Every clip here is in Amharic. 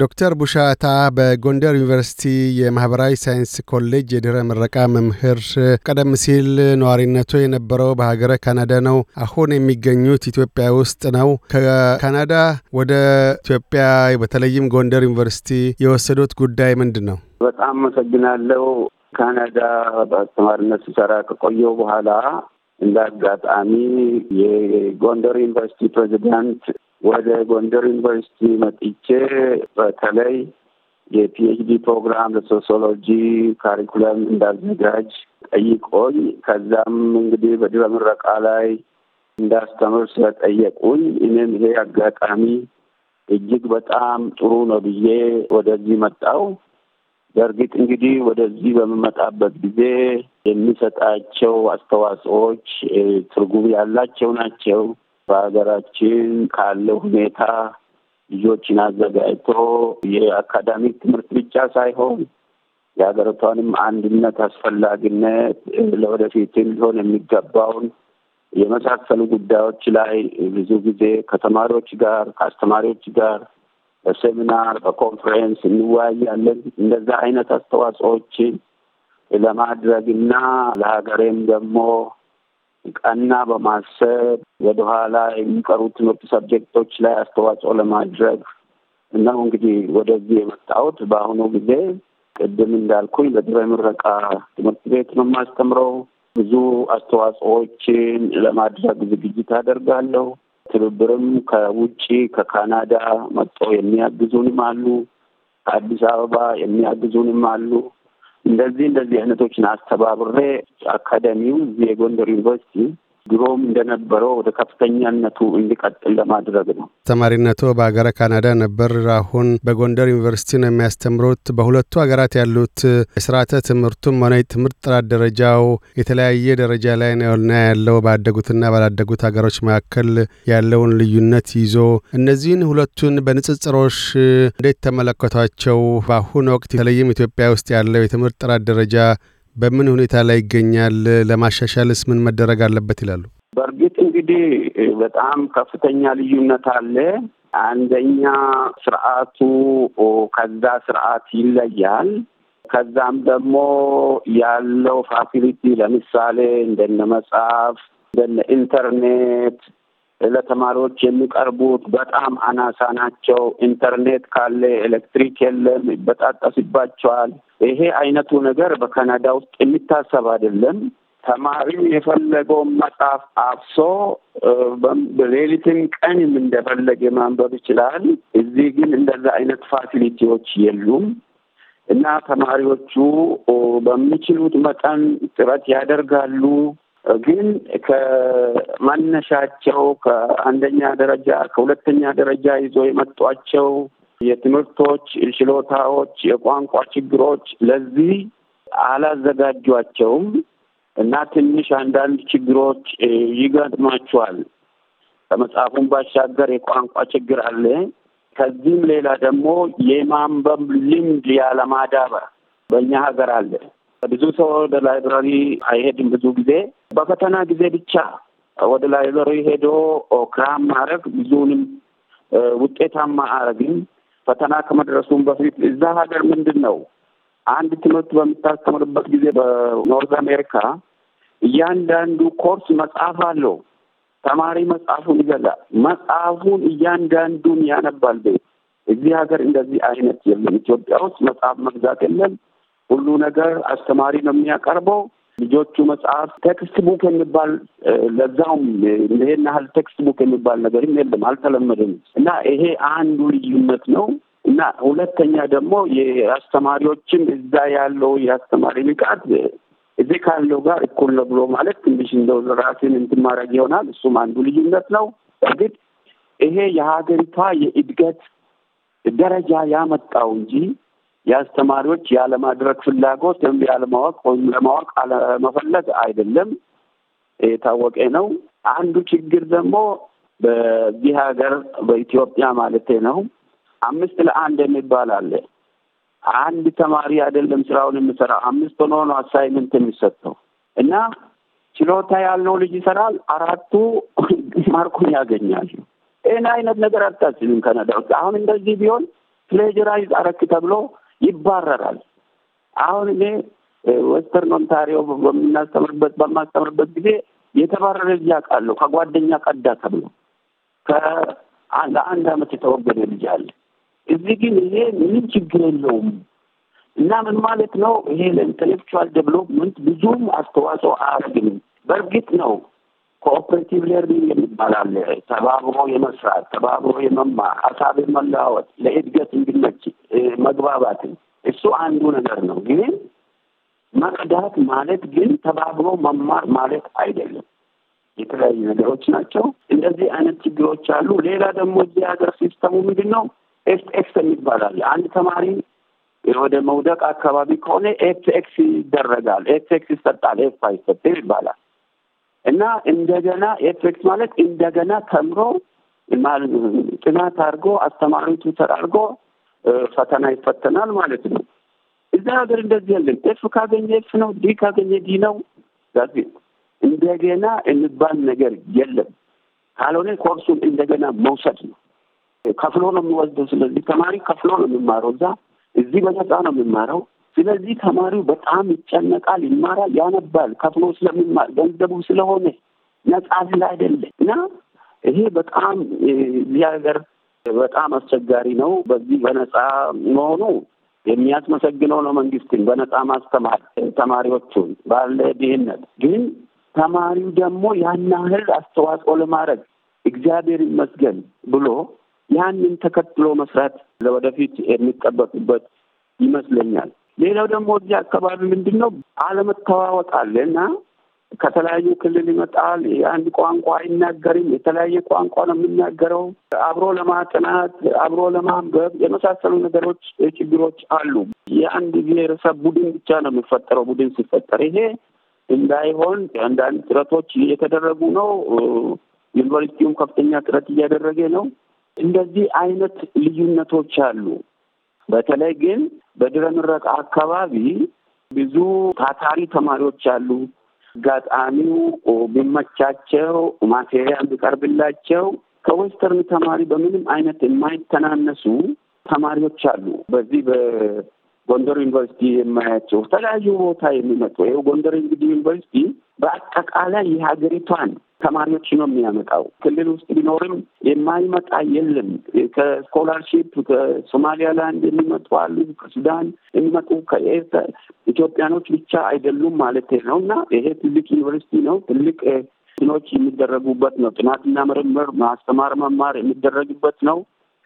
ዶክተር ቡሻታ በጎንደር ዩኒቨርሲቲ የማህበራዊ ሳይንስ ኮሌጅ የድህረ ምረቃ መምህር፣ ቀደም ሲል ነዋሪነቱ የነበረው በሀገረ ካናዳ ነው። አሁን የሚገኙት ኢትዮጵያ ውስጥ ነው። ከካናዳ ወደ ኢትዮጵያ በተለይም ጎንደር ዩኒቨርሲቲ የወሰዱት ጉዳይ ምንድን ነው? በጣም አመሰግናለሁ። ካናዳ በአስተማሪነት ስሰራ ከቆየው በኋላ እንደ አጋጣሚ የጎንደር ዩኒቨርሲቲ ፕሬዚዳንት ወደ ጎንደር ዩኒቨርሲቲ መጥቼ በተለይ የፒኤችዲ ፕሮግራም ለሶሲዮሎጂ ካሪኩለም እንዳዘጋጅ ጠይቆኝ ከዛም እንግዲህ በድረ ምረቃ ላይ እንዳስተምር ስለጠየቁኝ እኔም ይሄ አጋጣሚ እጅግ በጣም ጥሩ ነው ብዬ ወደዚህ መጣው። በእርግጥ እንግዲህ ወደዚህ በምመጣበት ጊዜ የሚሰጣቸው አስተዋጽኦዎች ትርጉም ያላቸው ናቸው። በሀገራችን ካለው ሁኔታ ልጆችን አዘጋጅቶ የአካዳሚክ ትምህርት ብቻ ሳይሆን የሀገሪቷንም አንድነት አስፈላጊነት ለወደፊትም ሊሆን የሚገባውን የመሳሰሉ ጉዳዮች ላይ ብዙ ጊዜ ከተማሪዎች ጋር ከአስተማሪዎች ጋር በሴሚናር በኮንፈረንስ እንወያያለን። እንደዛ አይነት ለማድረግ ለማድረግና ለሀገሬም ደግሞ ቀና በማሰብ ወደኋላ የሚቀሩ ትምህርት ሰብጀክቶች ላይ አስተዋጽኦ ለማድረግ ነው እንግዲህ ወደዚህ የመጣሁት። በአሁኑ ጊዜ ቅድም እንዳልኩኝ በድረ ምረቃ ትምህርት ቤት ነው የማስተምረው። ብዙ አስተዋጽኦዎችን ለማድረግ ዝግጅት አደርጋለሁ። ትብብርም ከውጭ ከካናዳ መጥተው የሚያግዙንም አሉ። ከአዲስ አበባ የሚያግዙንም አሉ። እንደዚህ እንደዚህ አይነቶችን አስተባብሬ አካደሚው የጎንደር ዩኒቨርሲቲ ድሮም እንደነበረው ወደ ከፍተኛነቱ እንዲቀጥል ለማድረግ ነው። ተማሪነቱ በሀገረ ካናዳ ነበር። አሁን በጎንደር ዩኒቨርሲቲ ነው የሚያስተምሩት። በሁለቱ ሀገራት ያሉት የስርዓተ ትምህርቱም ሆነ ትምህርት ጥራት ደረጃው የተለያየ ደረጃ ላይ ነውና ያለው ባደጉትና ባላደጉት ሀገሮች መካከል ያለውን ልዩነት ይዞ እነዚህን ሁለቱን በንጽጽሮች እንዴት ተመለከቷቸው? በአሁኑ ወቅት በተለይም ኢትዮጵያ ውስጥ ያለው የትምህርት ጥራት ደረጃ በምን ሁኔታ ላይ ይገኛል? ለማሻሻልስ ምን መደረግ አለበት ይላሉ? በእርግጥ እንግዲህ በጣም ከፍተኛ ልዩነት አለ። አንደኛ ስርዓቱ ከዛ ስርዓት ይለያል። ከዛም ደግሞ ያለው ፋሲሊቲ ለምሳሌ እንደነ መጽሐፍ፣ እንደነ ኢንተርኔት ለተማሪዎች የሚቀርቡት በጣም አናሳ ናቸው። ኢንተርኔት ካለ ኤሌክትሪክ የለም፣ ይበጣጠስባቸዋል። ይሄ አይነቱ ነገር በካናዳ ውስጥ የሚታሰብ አይደለም። ተማሪው የፈለገውን መጽሐፍ አፍሶ ሌሊትም ቀንም እንደፈለገ ማንበብ ይችላል። እዚህ ግን እንደዛ አይነት ፋሲሊቲዎች የሉም እና ተማሪዎቹ በሚችሉት መጠን ጥረት ያደርጋሉ። ግን ከመነሻቸው ከአንደኛ ደረጃ ከሁለተኛ ደረጃ ይዞ የመጧቸው የትምህርቶች ችሎታዎች፣ የቋንቋ ችግሮች ለዚህ አላዘጋጇቸውም እና ትንሽ አንዳንድ ችግሮች ይገጥማቸዋል ከመጽሐፉን ባሻገር የቋንቋ ችግር አለ። ከዚህም ሌላ ደግሞ የማንበብ ልምድ ያለማዳበር በእኛ ሀገር አለ። ብዙ ሰው ወደ ላይብራሪ አይሄድም። ብዙ ጊዜ በፈተና ጊዜ ብቻ ወደ ላይብራሪ ሄዶ ክራም ማድረግ ብዙውንም ውጤታማ አረግም። ፈተና ከመድረሱም በፊት እዛ ሀገር ምንድን ነው አንድ ትምህርት በምታስተምርበት ጊዜ በኖርዝ አሜሪካ እያንዳንዱ ኮርስ መጽሐፍ አለው። ተማሪ መጽሐፉን ይገዛል። መጽሐፉን እያንዳንዱን ያነባል ቤት። እዚህ ሀገር እንደዚህ አይነት የለም። ኢትዮጵያ ውስጥ መጽሐፍ መግዛት የለም። ሁሉ ነገር አስተማሪ ነው የሚያቀርበው። ልጆቹ መጽሐፍ ቴክስት ቡክ የሚባል ለዛውም ይሄን ያህል ቴክስት ቡክ የሚባል ነገርም የለም፣ አልተለመደም። እና ይሄ አንዱ ልዩነት ነው። እና ሁለተኛ ደግሞ የአስተማሪዎችም እዛ ያለው የአስተማሪ ንቃት እዚህ ካለው ጋር እኩል ነው ብሎ ማለት ትንሽ እንደው ራሴን እንትን ማድረግ ይሆናል። እሱም አንዱ ልዩነት ነው። እርግጥ ይሄ የሀገሪቷ የእድገት ደረጃ ያመጣው እንጂ የአስተማሪዎች ያለማድረግ ፍላጎት ወይም ያለማወቅ ወይም ለማወቅ አለመፈለግ አይደለም፣ የታወቀ ነው። አንዱ ችግር ደግሞ በዚህ ሀገር በኢትዮጵያ ማለት ነው አምስት ለአንድ የሚባል አለ። አንድ ተማሪ አይደለም ስራውን የሚሰራ አምስት ሆኖ ነው አሳይመንት የሚሰጠው እና ችሎታ ያለው ልጅ ይሰራል፣ አራቱ ማርኩን ያገኛል። ይህን አይነት ነገር አታችልም። ከነዳ አሁን እንደዚህ ቢሆን ፕሌጀራይዝ አረክ ተብሎ ይባረራል። አሁን እኔ ወስተርን ኦንታሪዮ በምናስተምርበት በማስተምርበት ጊዜ የተባረረ ልጅ አውቃለሁ። ከጓደኛ ቀዳ ተብሎ ለአንድ አመት የተወገደ ልጅ አለ። እዚህ ግን ይሄ ምን ችግር የለውም እና ምን ማለት ነው ይሄ ለኢንቴሌክቹዋል ዴቨሎፕመንት ብዙም አስተዋጽኦ አያደርግም። በእርግጥ ነው ኮኦፕሬቲቭ ሌርኒንግ የሚባላል ተባብሮ የመስራት ተባብሮ የመማር ሀሳብ መለዋወጥ ለእድገት እንዲመች መግባባትን እሱ አንዱ ነገር ነው። ግን መቅዳት ማለት ግን ተባብሮ መማር ማለት አይደለም። የተለያዩ ነገሮች ናቸው። እንደዚህ አይነት ችግሮች አሉ። ሌላ ደግሞ እዚህ ሀገር ሲስተሙ ምንድን ነው? ኤፍ ኤክስ የሚባላል አንድ ተማሪ ወደ መውደቅ አካባቢ ከሆነ ኤፍ ኤክስ ይደረጋል። ኤፍ ኤክስ ይሰጣል። ኤፍ አይሰጥም ይባላል። እና እንደገና ኤፌክት ማለት እንደገና ተምሮ ጥናት አድርጎ አስተማሪ ቱተር አድርጎ ፈተና ይፈተናል ማለት ነው። እዛ ሀገር እንደዚህ ያለን ኤፍ ካገኘ ኤፍ ነው፣ ዲ ካገኘ ዲ ነው። እንደገና የሚባል ነገር የለም። ካልሆነ ኮርሱን እንደገና መውሰድ ነው። ከፍሎ ነው የሚወስደው። ስለዚህ ተማሪ ከፍሎ ነው የሚማረው። እዛ እዚህ በነፃ ነው የሚማረው። ስለዚህ ተማሪው በጣም ይጨነቃል፣ ይማራል፣ ያነባል። ከፍሎ ስለሚማር ገንዘቡ ስለሆነ ነጻ አይደለ እና ይሄ በጣም እዚህ ሀገር በጣም አስቸጋሪ ነው። በዚህ በነጻ መሆኑ የሚያስመሰግነው ነው መንግስትን በነጻ ማስተማር ተማሪዎቹን ባለ ድህነት ግን ተማሪው ደግሞ ያን ያህል አስተዋጽኦ ለማድረግ እግዚአብሔር ይመስገን ብሎ ያንን ተከትሎ መስራት ለወደፊት የሚጠበቅበት ይመስለኛል። ሌላው ደግሞ እዚህ አካባቢ ምንድን ነው አለመተዋወቅ አለ እና ከተለያዩ ክልል ይመጣል። የአንድ ቋንቋ አይናገርም። የተለያየ ቋንቋ ነው የሚናገረው። አብሮ ለማጥናት፣ አብሮ ለማንበብ የመሳሰሉ ነገሮች ችግሮች አሉ። የአንድ ብሔረሰብ ቡድን ብቻ ነው የሚፈጠረው። ቡድን ሲፈጠር ይሄ እንዳይሆን አንዳንድ ጥረቶች እየተደረጉ ነው። ዩኒቨርሲቲውም ከፍተኛ ጥረት እያደረገ ነው። እንደዚህ አይነት ልዩነቶች አሉ። በተለይ ግን በድረ ምረቃ አካባቢ ብዙ ታታሪ ተማሪዎች አሉ። አጋጣሚው ቢመቻቸው ማቴሪያል ቢቀርብላቸው ከዌስተርን ተማሪ በምንም አይነት የማይተናነሱ ተማሪዎች አሉ። በዚህ ጎንደር ዩኒቨርሲቲ የማያቸው ተለያዩ ቦታ የሚመጡ ይኸው ጎንደር እንግዲህ ዩኒቨርሲቲ በአጠቃላይ የሀገሪቷን ተማሪዎች ነው የሚያመጣው። ክልል ውስጥ ቢኖርም የማይመጣ የለም። ከስኮላርሺፕ ላንድ የሚመጡ አሉ፣ ከሱዳን የሚመጡ ከኤርትራ ኢትዮጵያኖች ብቻ አይደሉም ማለት ነው። እና ይሄ ትልቅ ዩኒቨርሲቲ ነው። ትልቅ ኖች የሚደረጉበት ነው። ጥናትና ምርምር፣ ማስተማር፣ መማር የሚደረግበት ነው።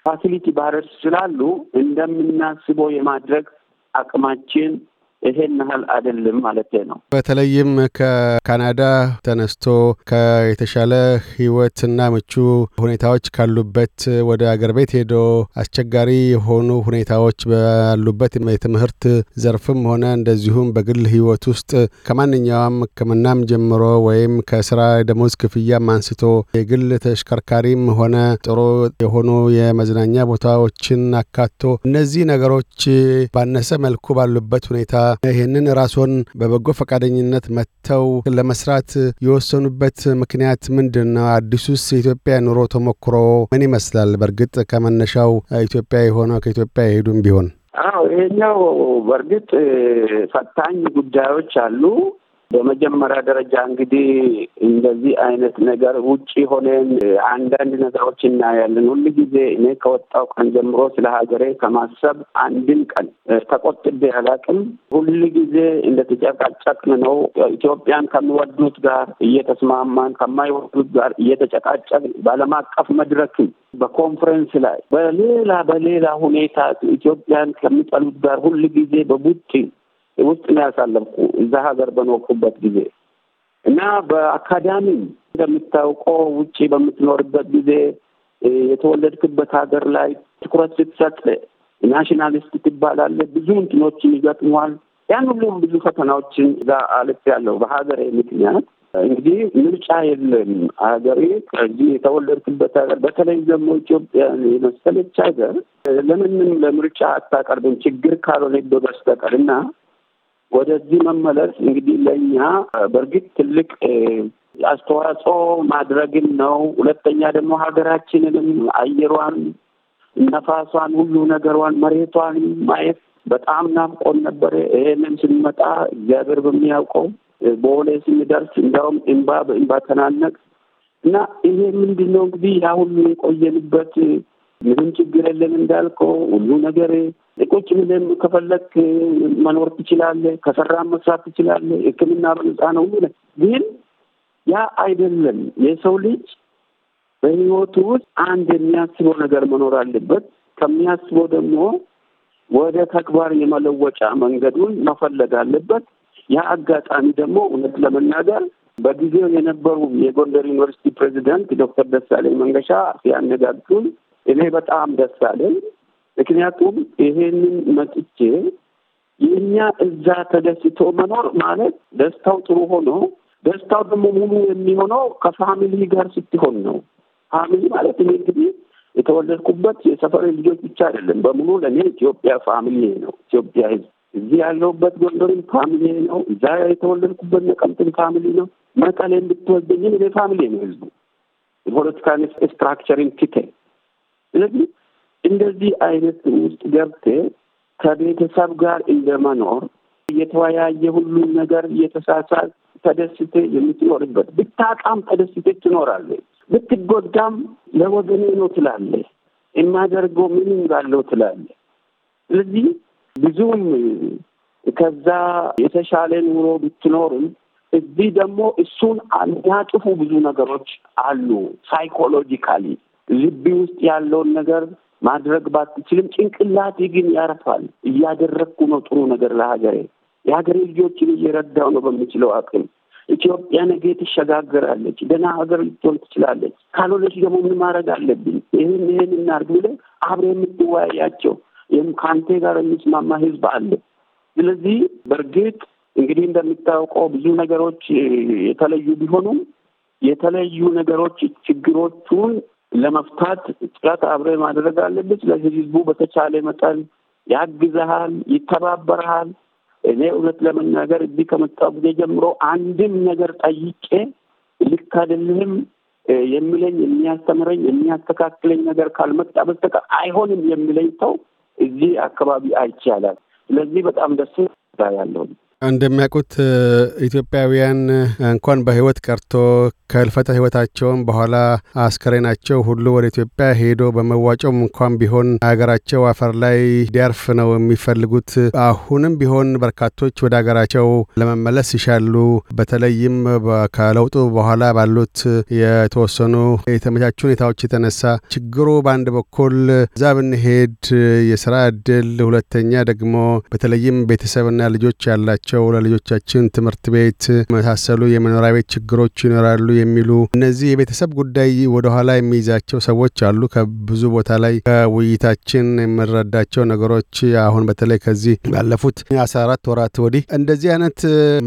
ፋሲሊቲ ባህረር ስላሉ እንደምናስበው የማድረግ አቅማችን ይሄን ያህል አይደለም ማለት ነው። በተለይም ከካናዳ ተነስቶ ከየተሻለ ሕይወትና ምቹ ሁኔታዎች ካሉበት ወደ አገር ቤት ሄዶ አስቸጋሪ የሆኑ ሁኔታዎች ባሉበት የትምህርት ዘርፍም ሆነ እንደዚሁም በግል ህይወት ውስጥ ከማንኛውም ሕክምናም ጀምሮ ወይም ከስራ ደሞዝ ክፍያም አንስቶ የግል ተሽከርካሪም ሆነ ጥሩ የሆኑ የመዝናኛ ቦታዎችን አካቶ እነዚህ ነገሮች ባነሰ መልኩ ባሉበት ሁኔታ ይህንን ራስዎን በበጎ ፈቃደኝነት መጥተው ለመስራት የወሰኑበት ምክንያት ምንድን ነው? አዲሱስ የኢትዮጵያ ኑሮ ተሞክሮ ምን ይመስላል? በእርግጥ ከመነሻው ኢትዮጵያ የሆነ ከኢትዮጵያ የሄዱም ቢሆን አዎ ይሄኛው በእርግጥ ፈታኝ ጉዳዮች አሉ። በመጀመሪያ ደረጃ እንግዲህ እንደዚህ አይነት ነገር ውጭ ሆነን አንዳንድ ነገሮች እናያለን። ሁል ጊዜ እኔ ከወጣው ቀን ጀምሮ ስለ ሀገሬ ከማሰብ አንድም ቀን ተቆጥቤ አላቅም። ሁል ጊዜ ተጨቃጨቅን ነው። ኢትዮጵያን ከሚወዱት ጋር እየተስማማን፣ ከማይወዱት ጋር እየተጨቃጨቅን በዓለም አቀፍ መድረክም በኮንፈረንስ ላይ በሌላ በሌላ ሁኔታ ኢትዮጵያን ከሚጠሉት ጋር ሁል ጊዜ በቡጢ ውስጥ ነው ያሳለፍኩ እዛ ሀገር በኖርኩበት ጊዜ እና በአካዳሚ እንደምታውቀው ውጭ በምትኖርበት ጊዜ የተወለድክበት ሀገር ላይ ትኩረት ስትሰጥ ናሽናሊስት ትባላለ። ብዙ እንትኖችን ይገጥመዋል። ያን ሁሉም ብዙ ፈተናዎችን እዛ አልፍ ያለው በሀገሬ ምክንያት እንግዲህ ምርጫ የለም። ሀገሬ ከዚህ የተወለድክበት ሀገር በተለይ ደግሞ ኢትዮጵያ የመሰለች ሀገር ለምንም ለምርጫ አታቀርብም ችግር ካልሆነ በበስተቀር እና ወደዚህ መመለስ እንግዲህ ለእኛ በእርግጥ ትልቅ አስተዋጽኦ ማድረግን ነው። ሁለተኛ ደግሞ ሀገራችንንም አየሯን፣ ነፋሷን፣ ሁሉ ነገሯን፣ መሬቷን ማየት በጣም ናፍቆን ነበረ። ይሄንን ስንመጣ እግዚአብሔር በሚያውቀው በቦሌ ስንደርስ እንዲያውም እንባ በእንባ ተናነቅ እና ይሄ ምንድን ነው እንግዲህ ያ ሁሉ የቆየንበት ምንም ችግር የለን እንዳልከው ሁሉ ነገር ቁጭ ብለህ ከፈለክ መኖር ትችላለህ፣ ከሰራን መስራት ትችላለህ። ሕክምና በነጻ ነው። ግን ያ አይደለም። የሰው ልጅ በህይወቱ ውስጥ አንድ የሚያስበው ነገር መኖር አለበት። ከሚያስበው ደግሞ ወደ ተግባር የመለወጫ መንገዱን መፈለግ አለበት። ያ አጋጣሚ ደግሞ እውነት ለመናገር በጊዜው የነበሩ የጎንደር ዩኒቨርሲቲ ፕሬዚደንት ዶክተር ደሳለኝ መንገሻ ሲያነጋግሩን እኔ በጣም ደስ አለኝ። ምክንያቱም ይሄንን መጥቼ የእኛ እዛ ተደስቶ መኖር ማለት ደስታው ጥሩ ሆኖ ደስታው ደግሞ ሙሉ የሚሆነው ከፋሚሊ ጋር ስትሆን ነው። ፋሚሊ ማለት ይሄ እንግዲህ የተወለድኩበት የሰፈር ልጆች ብቻ አይደለም። በሙሉ ለእኔ ኢትዮጵያ ፋሚሊ ነው። ኢትዮጵያ ሕዝብ እዚህ ያለሁበት ጎንደርም ፋሚሊ ነው። እዛ የተወለድኩበት ነቀምትም ፋሚሊ ነው። መቀሌ የምትወደኝም እኔ ፋሚሊ ነው። ሕዝቡ የፖለቲካ ስትራክቸርን ትቴ ስለዚህ እንደዚህ አይነት ውስጥ ገብቴ ከቤተሰብ ጋር እንደመኖር የተወያየ ሁሉን ነገር የተሳሳት ተደስቴ የምትኖርበት ብታጣም ተደስቴ ትኖራለች። ብትጎዳም ለወገኔ ነው ትላለ የማደርገው ምንም ባለው ትላለ ስለዚህ ብዙም ከዛ የተሻለ ኑሮ ብትኖርም እዚህ ደግሞ እሱን የሚያጥፉ ብዙ ነገሮች አሉ። ሳይኮሎጂካሊ ልቢ ውስጥ ያለውን ነገር ማድረግ ባትችልም ጭንቅላቴ ግን ያርፋል። እያደረግኩ ነው ጥሩ ነገር ለሀገሬ። የሀገሬ ልጆችን እየረዳው ነው በምችለው አቅም። ኢትዮጵያ ነገ ትሸጋገራለች፣ ደህና ሀገር ልትሆን ትችላለች። ካልሆነች ደግሞ ምን ማድረግ አለብኝ? ይህን ይህን እናርግ ብለህ አብረህ የምትወያያቸው ይህም ከአንተ ጋር የሚስማማ ህዝብ አለ። ስለዚህ በእርግጥ እንግዲህ እንደሚታወቀው ብዙ ነገሮች የተለዩ ቢሆኑም የተለዩ ነገሮች ችግሮቹን ለመፍታት ጥረት አብረ ማድረግ አለብህ። ስለዚህ ህዝቡ በተቻለ መጠን ያግዘሃል፣ ይተባበረሃል። እኔ እውነት ለመናገር እዚህ ከመጣሁ ጊዜ ጀምሮ አንድም ነገር ጠይቄ ልክ አይደለህም የሚለኝ የሚያስተምረኝ፣ የሚያስተካክለኝ ነገር ካልመጣ በስተቀር አይሆንም የሚለኝ ሰው እዚህ አካባቢ አይቻላል። ስለዚህ በጣም ደስ ያለሁኝ እንደሚያውቁት ኢትዮጵያውያን እንኳን በህይወት ቀርቶ ከህልፈተ ህይወታቸውም በኋላ አስከሬናቸው ሁሉ ወደ ኢትዮጵያ ሄዶ በመዋጮም እንኳን ቢሆን ሀገራቸው አፈር ላይ ዲያርፍ ነው የሚፈልጉት። አሁንም ቢሆን በርካቶች ወደ ሀገራቸው ለመመለስ ይሻሉ። በተለይም ከለውጡ በኋላ ባሉት የተወሰኑ የተመቻቹ ሁኔታዎች የተነሳ ችግሩ በአንድ በኩል እዛ ብንሄድ የስራ እድል፣ ሁለተኛ ደግሞ በተለይም ቤተሰብና ልጆች ያላቸው ናቸው፣ ለልጆቻችን ትምህርት ቤት መሳሰሉ የመኖሪያ ቤት ችግሮች ይኖራሉ የሚሉ እነዚህ የቤተሰብ ጉዳይ ወደኋላ የሚይዛቸው ሰዎች አሉ። ከብዙ ቦታ ላይ ከውይይታችን የምንረዳቸው ነገሮች አሁን በተለይ ከዚህ ባለፉት አስራ አራት ወራት ወዲህ እንደዚህ አይነት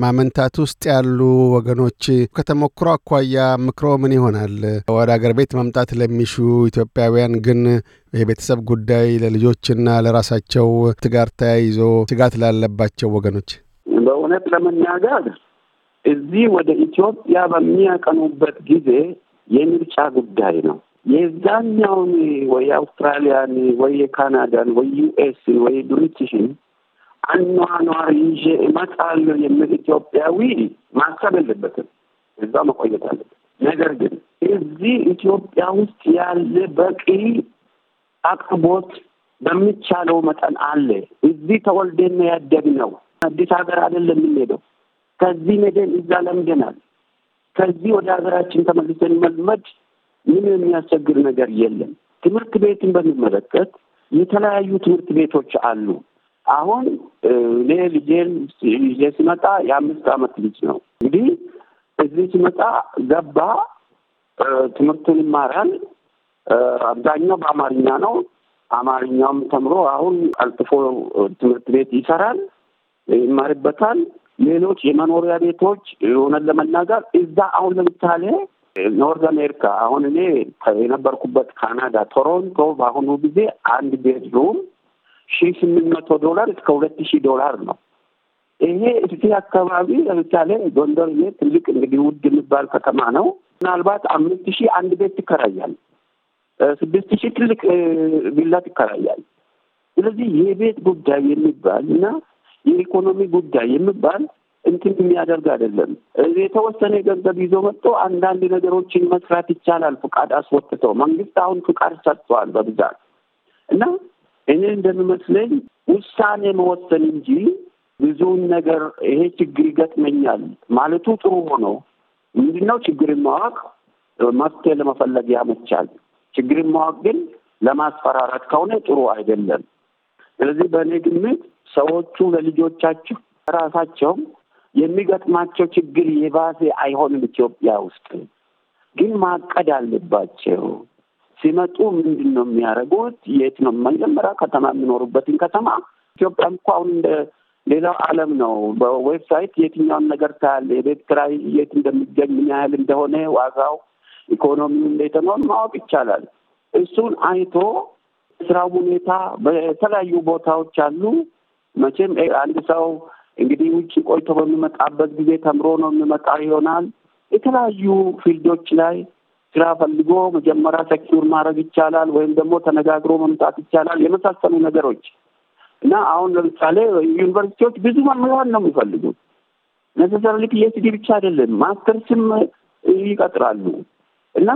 ማመንታት ውስጥ ያሉ ወገኖች ከተሞክሮ አኳያ ምክሮ ምን ይሆናል? ወደ አገር ቤት መምጣት ለሚሹ ኢትዮጵያውያን ግን የቤተሰብ ጉዳይ ለልጆችና ለራሳቸው ትጋር ተያይዞ ስጋት ላለባቸው ወገኖች እውነት ለመናገር እዚህ ወደ ኢትዮጵያ በሚያቀኑበት ጊዜ የምርጫ ጉዳይ ነው። የዛኛውን ወይ አውስትራሊያን ወይ የካናዳን ወይ ዩኤስን ወይ ብሪቲሽን አኗኗር ይዤ እመጣለሁ የሚል ኢትዮጵያዊ ማሰብ የለበትም። እዛ መቆየት አለበት። ነገር ግን እዚህ ኢትዮጵያ ውስጥ ያለ በቂ አቅርቦት በሚቻለው መጠን አለ። እዚህ ተወልደን ያደግነው አዲስ ሀገር አይደለም የምንሄደው። ከዚህ ሄደን እዛ ለምደናል። ከዚህ ወደ ሀገራችን ተመልሰን መልመድ ምን የሚያስቸግር ነገር የለም። ትምህርት ቤትን በሚመለከት የተለያዩ ትምህርት ቤቶች አሉ። አሁን እኔ ልጄን ይዤ ስመጣ የአምስት አመት ልጅ ነው። እንግዲህ እዚህ ስመጣ ገባ ትምህርቱን ይማራል። አብዛኛው በአማርኛ ነው። አማርኛውም ተምሮ አሁን አልጥፎ ትምህርት ቤት ይሰራል። ይማርበታል። ሌሎች የመኖሪያ ቤቶች የሆነን ለመናገር እዛ አሁን ለምሳሌ ኖርዝ አሜሪካ አሁን እኔ የነበርኩበት ካናዳ ቶሮንቶ በአሁኑ ጊዜ አንድ ቤድሩም ሺ ስምንት መቶ ዶላር እስከ ሁለት ሺህ ዶላር ነው። ይሄ እዚህ አካባቢ ለምሳሌ ጎንደር እኔ ትልቅ እንግዲህ ውድ የሚባል ከተማ ነው። ምናልባት አምስት ሺህ አንድ ቤት ትከራያል። ስድስት ሺህ ትልቅ ቪላ ትከራያል። ስለዚህ የቤት ጉዳይ የሚባል እና የኢኮኖሚ ጉዳይ የሚባል እንትን የሚያደርግ አይደለም። የተወሰነ ገንዘብ ይዞ መጥቶ አንዳንድ ነገሮችን መስራት ይቻላል። ፍቃድ አስወጥተው መንግስት አሁን ፍቃድ ሰጥቷል በብዛት እና እኔ እንደሚመስለኝ ውሳኔ መወሰን እንጂ ብዙውን ነገር ይሄ ችግር ይገጥመኛል ማለቱ ጥሩ ሆኖ ምንድነው ችግርን ማወቅ መፍትሄ ለመፈለግ ያመቻል። ችግርን ማወቅ ግን ለማስፈራራት ከሆነ ጥሩ አይደለም። ስለዚህ በእኔ ግምት ሰዎቹ ለልጆቻቸው ራሳቸው የሚገጥማቸው ችግር የባሴ አይሆንም። ኢትዮጵያ ውስጥ ግን ማቀድ አለባቸው። ሲመጡ ምንድን ነው የሚያደርጉት? የት ነው መጀመሪያ ከተማ የሚኖሩበትን ከተማ ኢትዮጵያ እንኳ አሁን እንደ ሌላው ዓለም ነው። በዌብሳይት የትኛውን ነገር ታያለ። የቤት ክራይ የት እንደሚገኝ ምን ያህል እንደሆነ ዋጋው፣ ኢኮኖሚው እንዴት ነው ማወቅ ይቻላል። እሱን አይቶ ስራ ሁኔታ በተለያዩ ቦታዎች አሉ መቼም አንድ ሰው እንግዲህ ውጭ ቆይቶ በሚመጣበት ጊዜ ተምሮ ነው የሚመጣ ይሆናል። የተለያዩ ፊልዶች ላይ ስራ ፈልጎ መጀመሪያ ሴኪዩር ማድረግ ይቻላል፣ ወይም ደግሞ ተነጋግሮ መምጣት ይቻላል የመሳሰሉ ነገሮች እና አሁን ለምሳሌ ዩኒቨርሲቲዎች ብዙ መምህራን ነው የሚፈልጉት። ነሰሰርሊ ፒኤችዲ ብቻ አይደለም ማስተርስም ይቀጥራሉ እና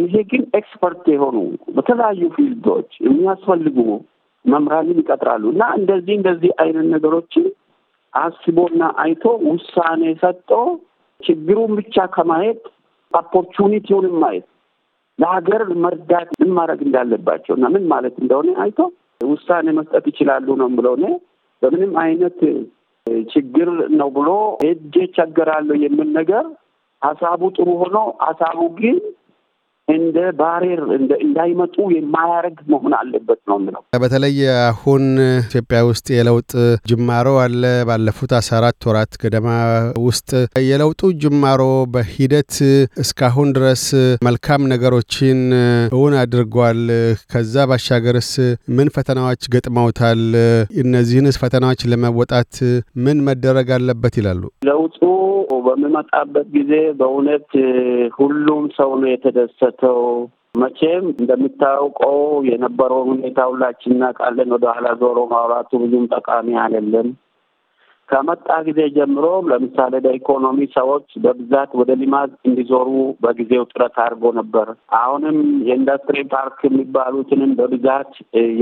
ይሄ ግን ኤክስፐርት የሆኑ በተለያዩ ፊልዶች የሚያስፈልጉ መምህራንን ይቀጥራሉ እና እንደዚህ እንደዚህ አይነት ነገሮችን አስቦና አይቶ ውሳኔ ሰጥቶ ችግሩን ብቻ ከማየት ኦፖርቹኒቲውንም ማየት ለሀገር መርዳት ምን ማድረግ እንዳለባቸው እና ምን ማለት እንደሆነ አይቶ ውሳኔ መስጠት ይችላሉ ነው ብለው እኔ በምንም አይነት ችግር ነው ብሎ ሄጄ ቸገራለሁ የምን ነገር ሀሳቡ ጥሩ ሆኖ ሀሳቡ ግን እንደ ባሬር እንዳይመጡ የማያደርግ መሆን አለበት ነው የምለው። በተለይ አሁን ኢትዮጵያ ውስጥ የለውጥ ጅማሮ አለ። ባለፉት አስራ አራት ወራት ገደማ ውስጥ የለውጡ ጅማሮ በሂደት እስካሁን ድረስ መልካም ነገሮችን እውን አድርጓል። ከዛ ባሻገርስ ምን ፈተናዎች ገጥመውታል? እነዚህንስ ፈተናዎች ለመወጣት ምን መደረግ አለበት ይላሉ ለውጡ በምመጣበት ጊዜ በእውነት ሁሉም ሰው ነው የተደሰተው። መቼም እንደምታውቀው የነበረው ሁኔታ ሁላችን እናውቃለን። ወደ ኋላ ዞሮ ማውራቱ ብዙም ጠቃሚ አይደለም። ከመጣ ጊዜ ጀምሮ ለምሳሌ ለኢኮኖሚ ሰዎች በብዛት ወደ ሊማዝ እንዲዞሩ በጊዜው ጥረት አድርጎ ነበር። አሁንም የኢንዱስትሪ ፓርክ የሚባሉትንም በብዛት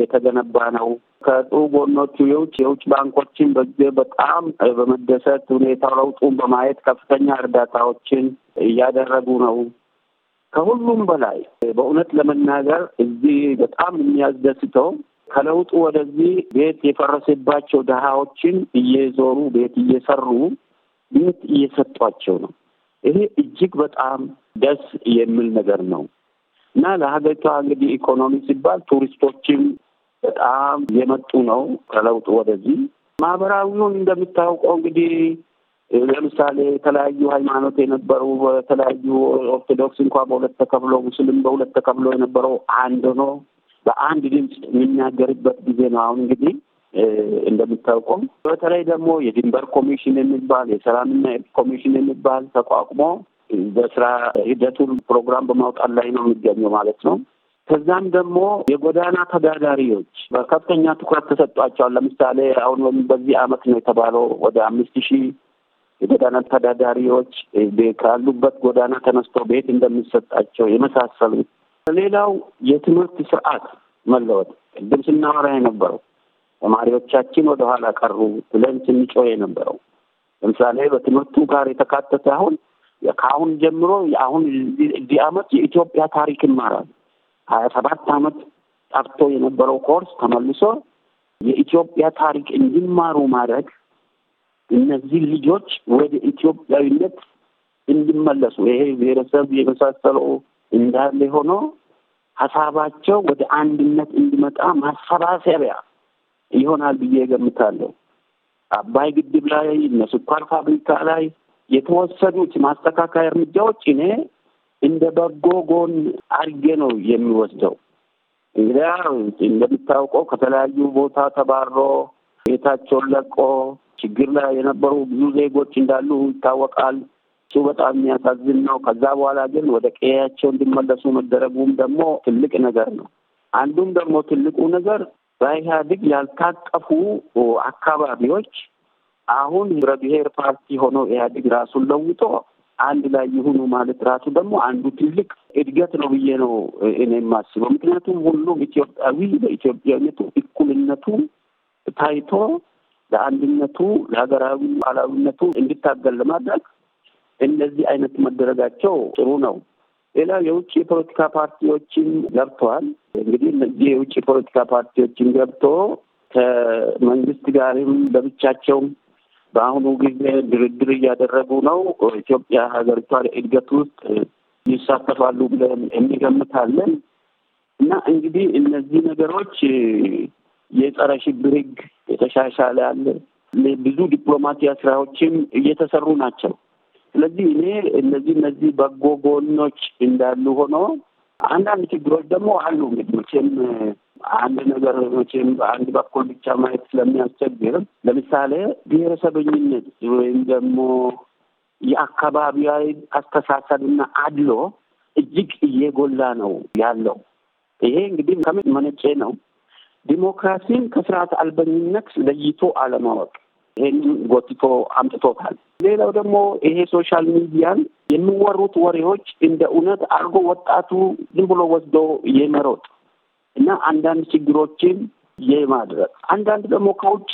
የተገነባ ነው። ከጡ ጎኖቹ የውጭ የውጭ ባንኮችን በጊዜ በጣም በመደሰት ሁኔታው ለውጡን በማየት ከፍተኛ እርዳታዎችን እያደረጉ ነው። ከሁሉም በላይ በእውነት ለመናገር እዚህ በጣም የሚያስደስተው ከለውጡ ወደዚህ ቤት የፈረሰባቸው ድሃዎችን እየዞሩ ቤት እየሰሩ ቤት እየሰጧቸው ነው። ይሄ እጅግ በጣም ደስ የሚል ነገር ነው እና ለሀገሪቷ እንግዲህ ኢኮኖሚ ሲባል ቱሪስቶችም በጣም የመጡ ነው ከለውጡ ወደዚህ። ማህበራዊውን እንደምታውቀው እንግዲህ ለምሳሌ የተለያዩ ሃይማኖት የነበሩ በተለያዩ ኦርቶዶክስ እንኳን በሁለት ተከፍሎ ሙስሊም በሁለት ተከፍሎ የነበረው አንድ ነው። በአንድ ድምፅ የሚናገርበት ጊዜ ነው። አሁን እንግዲህ እንደምታውቁም በተለይ ደግሞ የድንበር ኮሚሽን የሚባል የሰላምና ኮሚሽን የሚባል ተቋቁሞ በስራ ሂደቱን ፕሮግራም በማውጣት ላይ ነው የሚገኘው ማለት ነው። ከዛም ደግሞ የጎዳና ተዳዳሪዎች በከፍተኛ ትኩረት ተሰጧቸዋል። ለምሳሌ አሁን በዚህ አመት ነው የተባለው ወደ አምስት ሺህ የጎዳና ተዳዳሪዎች ካሉበት ጎዳና ተነስቶ ቤት እንደሚሰጣቸው የመሳሰሉት ሌላው የትምህርት ስርዓት መለወጥ ቅድም ስናወራ የነበረው ተማሪዎቻችን ወደኋላ ቀሩ ብለን ስንጮ የነበረው ለምሳሌ በትምህርቱ ጋር የተካተተ አሁን ከአሁን ጀምሮ የአሁን እዚህ አመት የኢትዮጵያ ታሪክ ይማራል። ሀያ ሰባት አመት ጠፍቶ የነበረው ኮርስ ተመልሶ የኢትዮጵያ ታሪክ እንዲማሩ ማድረግ እነዚህ ልጆች ወደ ኢትዮጵያዊነት እንዲመለሱ ይሄ ብሔረሰብ የመሳሰለው እንዳለ ሆኖ ሀሳባቸው ወደ አንድነት እንዲመጣ ማሰባሰቢያ ይሆናል ብዬ ገምታለሁ። አባይ ግድብ ላይ እነ ስኳር ፋብሪካ ላይ የተወሰዱት ማስተካከያ እርምጃዎች እኔ እንደ በጎ ጎን አድርጌ ነው የሚወስደው። እንግዲያ እንደሚታወቀው ከተለያዩ ቦታ ተባሮ ቤታቸውን ለቆ ችግር ላይ የነበሩ ብዙ ዜጎች እንዳሉ ይታወቃል። እሱ በጣም የሚያሳዝን ነው። ከዛ በኋላ ግን ወደ ቀያቸው እንዲመለሱ መደረጉም ደግሞ ትልቅ ነገር ነው። አንዱም ደግሞ ትልቁ ነገር በኢህአዴግ ያልታቀፉ አካባቢዎች አሁን ብሔር ፓርቲ ሆኖ ኢህአዴግ ራሱን ለውጦ አንድ ላይ ይሁኑ ማለት ራሱ ደግሞ አንዱ ትልቅ እድገት ነው ብዬ ነው እኔ የማስበው። ምክንያቱም ሁሉም ኢትዮጵያዊ በኢትዮጵያዊነቱ እኩልነቱ ታይቶ ለአንድነቱ፣ ለሀገራዊ ባህላዊነቱ እንዲታገል ለማድረግ እንደዚህ አይነት መደረጋቸው ጥሩ ነው። ሌላ የውጭ የፖለቲካ ፓርቲዎችን ገብተዋል። እንግዲህ እነዚህ የውጭ የፖለቲካ ፓርቲዎችን ገብቶ ከመንግስት ጋርም በብቻቸውም በአሁኑ ጊዜ ድርድር እያደረጉ ነው። ኢትዮጵያ ሀገሪቷ እድገት ውስጥ ይሳተፋሉ ብለን እንገምታለን እና እንግዲህ እነዚህ ነገሮች የጸረ ሽብር የተሻሻለ ያለ ብዙ ዲፕሎማሲያ ስራዎችም እየተሰሩ ናቸው። ስለዚህ እኔ እነዚህ እነዚህ በጎ ጎኖች እንዳሉ ሆኖ አንዳንድ ችግሮች ደግሞ አሉ። እንግዲህ መቼም አንድ ነገር መቼም በአንድ በኩል ብቻ ማየት ስለሚያስቸግር፣ ለምሳሌ ብሔረሰበኝነት ወይም ደግሞ የአካባቢያዊ አስተሳሰብና አድሎ እጅግ እየጎላ ነው ያለው። ይሄ እንግዲህ ከምን መነጬ ነው? ዲሞክራሲን ከስርዓት አልበኝነት ለይቶ አለማወቅ ይሄንን ጎትቶ አምጥቶታል። ሌላው ደግሞ ይሄ ሶሻል ሚዲያን የሚወሩት ወሬዎች እንደ እውነት አድርጎ ወጣቱ ዝም ብሎ ወስዶ የመሮጥ እና አንዳንድ ችግሮችን የማድረግ አንዳንድ ደግሞ ከውጭ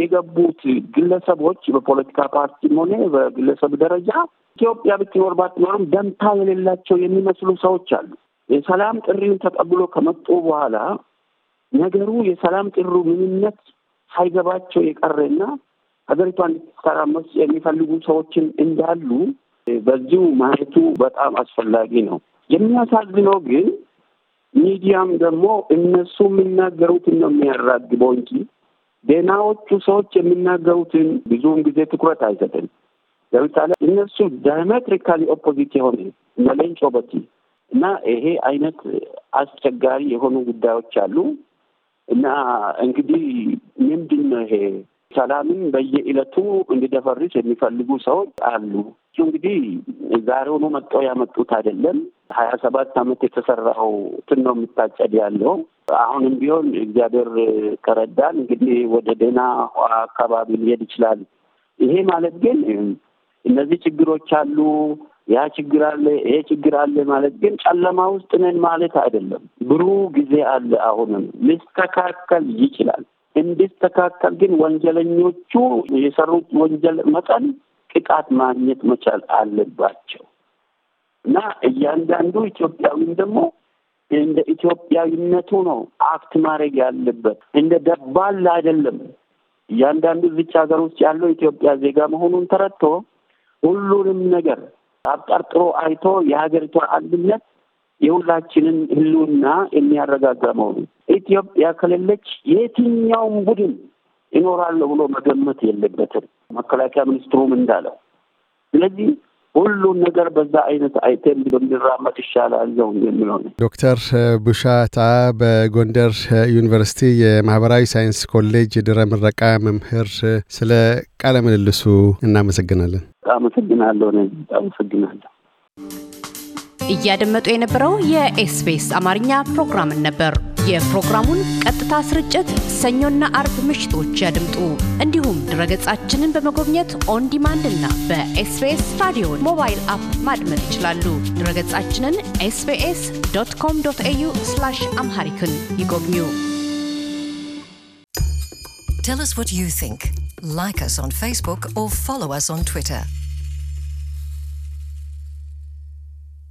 የገቡት ግለሰቦች በፖለቲካ ፓርቲም ሆነ በግለሰብ ደረጃ ኢትዮጵያ ብትኖር ባትኖርም ደንታ የሌላቸው የሚመስሉ ሰዎች አሉ። የሰላም ጥሪውን ተቀብሎ ከመጡ በኋላ ነገሩ የሰላም ጥሪው ምንነት ሳይገባቸው የቀረና ሀገሪቷ እንድትተራመስ የሚፈልጉ ሰዎችን እንዳሉ በዚሁ ማየቱ በጣም አስፈላጊ ነው። የሚያሳዝነው ግን ሚዲያም ደግሞ እነሱ የሚናገሩትን ነው የሚያራግበው እንጂ ዜናዎቹ ሰዎች የሚናገሩትን ብዙውን ጊዜ ትኩረት አይሰጥም። ለምሳሌ እነሱ ዳያሜትሪካሊ ኦፖዚት የሆነ እነ ሌንጮ በቲ እና ይሄ አይነት አስቸጋሪ የሆኑ ጉዳዮች አሉ እና እንግዲህ ምንድን ነው ይሄ ሰላምን በየዕለቱ እንዲደፈርስ የሚፈልጉ ሰዎች አሉ። እንግዲህ ዛሬ ሆኖ መጠው ያመጡት አይደለም። ሀያ ሰባት አመት የተሰራው ትን ነው የምታጨድ ያለው አሁንም ቢሆን እግዚአብሔር ከረዳን እንግዲህ ወደ ደህና አካባቢ ሊሄድ ይችላል። ይሄ ማለት ግን እነዚህ ችግሮች አሉ፣ ያ ችግር አለ፣ ይሄ ችግር አለ ማለት ግን ጨለማ ውስጥ ነን ማለት አይደለም። ብሩህ ጊዜ አለ። አሁንም ሊስተካከል ይችላል። እንዲስተካከል ግን ወንጀለኞቹ የሰሩት ወንጀል መጠን ቅጣት ማግኘት መቻል አለባቸው እና እያንዳንዱ ኢትዮጵያዊም ደግሞ እንደ ኢትዮጵያዊነቱ ነው አክት ማድረግ ያለበት። እንደ ደባል አይደለም። እያንዳንዱ እዚች ሀገር ውስጥ ያለው ኢትዮጵያ ዜጋ መሆኑን ተረድቶ ሁሉንም ነገር አብጠርጥሮ አይቶ የሀገሪቷ አንድነት የሁላችንን ህልውና የሚያረጋጋ መሆኑ ኢትዮጵያ ከሌለች የትኛውም ቡድን ይኖራል ብሎ መገመት የለበትም፣ መከላከያ ሚኒስትሩም እንዳለው። ስለዚህ ሁሉን ነገር በዛ አይነት አይተም በሚራመድ ይሻላል ነው የሚሆነ። ዶክተር ቡሻታ በጎንደር ዩኒቨርሲቲ የማህበራዊ ሳይንስ ኮሌጅ ድረ ምረቃ መምህር፣ ስለ ቃለ ምልልሱ እናመሰግናለን። አመሰግናለሁ። አመሰግናለሁ። እያደመጡ የነበረው የኤስቢኤስ አማርኛ ፕሮግራምን ነበር። የፕሮግራሙን ቀጥታ ስርጭት ሰኞና አርብ ምሽቶች ያድምጡ። እንዲሁም ድረገጻችንን በመጎብኘት ኦን ዲማንድ እና በኤስቢኤስ ራዲዮ ሞባይል አፕ ማድመጥ ይችላሉ። ድረገጻችንን ኤስቢኤስ ዶት ኮም ዶት ኤዩ አምሃሪክን ይጎብኙ። ቴል አስ ዋት ዩ ቲንክ ላይክ አስ ኦን ፌስቡክ ኦር ፎሎው አስ ኦን ትዊተር